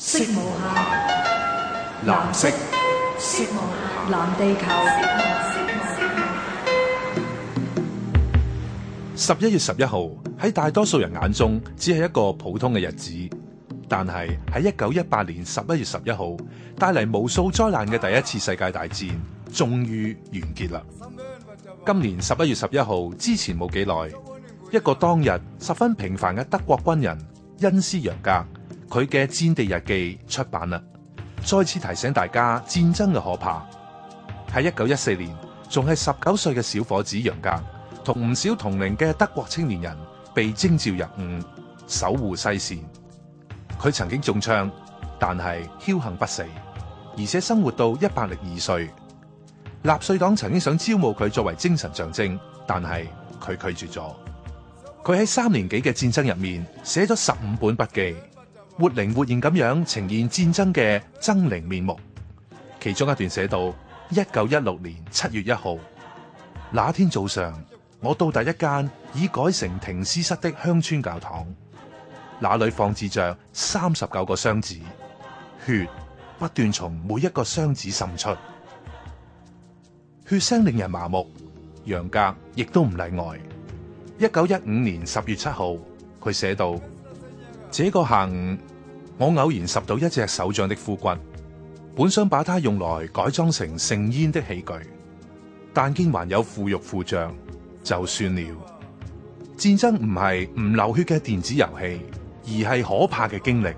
色無下藍色。色無下，藍地球。十一月十一號喺大多數人眼中只係一個普通嘅日子，但係喺一九一八年十一月十一號帶嚟無數災難嘅第一次世界大戰終於完結啦。今年十一月十一號之前冇幾耐，一個當日十分平凡嘅德國軍人恩斯楊格。佢嘅《戰地日記》出版啦，再次提醒大家戰爭嘅可怕。喺一九一四年，仲係十九歲嘅小伙子楊格，同唔少同齡嘅德國青年人被徵召入伍守護西線。佢曾經中槍，但係僥幸不死，而且生活到一百零二歲。納粹黨曾經想招募佢作為精神象徵，但係佢拒絕咗。佢喺三年幾嘅戰爭入面寫咗十五本筆記。活靈活現咁樣呈現戰爭嘅猙獰面目。其中一段寫到：一九一六年七月一號那天早上，我到達一間已改成停屍室的鄉村教堂，那裡放置着三十九個箱子，血不斷從每一個箱子滲出，血腥令人麻木，楊格亦都唔例外。一九一五年十月七號，佢寫到：這個下午，我偶然拾到一隻手掌的枯骨，本想把它用來改裝成盛煙的器具，但見還有腐肉附着，就算了。戰爭唔係唔流血嘅電子遊戲，而係可怕嘅經歷，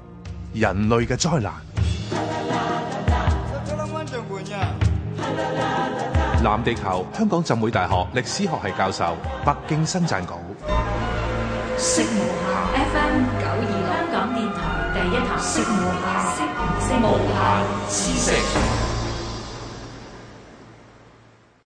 人類嘅災難。藍地球香港浸會大學歷史學系教授麥勁生撰講。FM 92香港電台第一台，識無限，識無限，無限知識。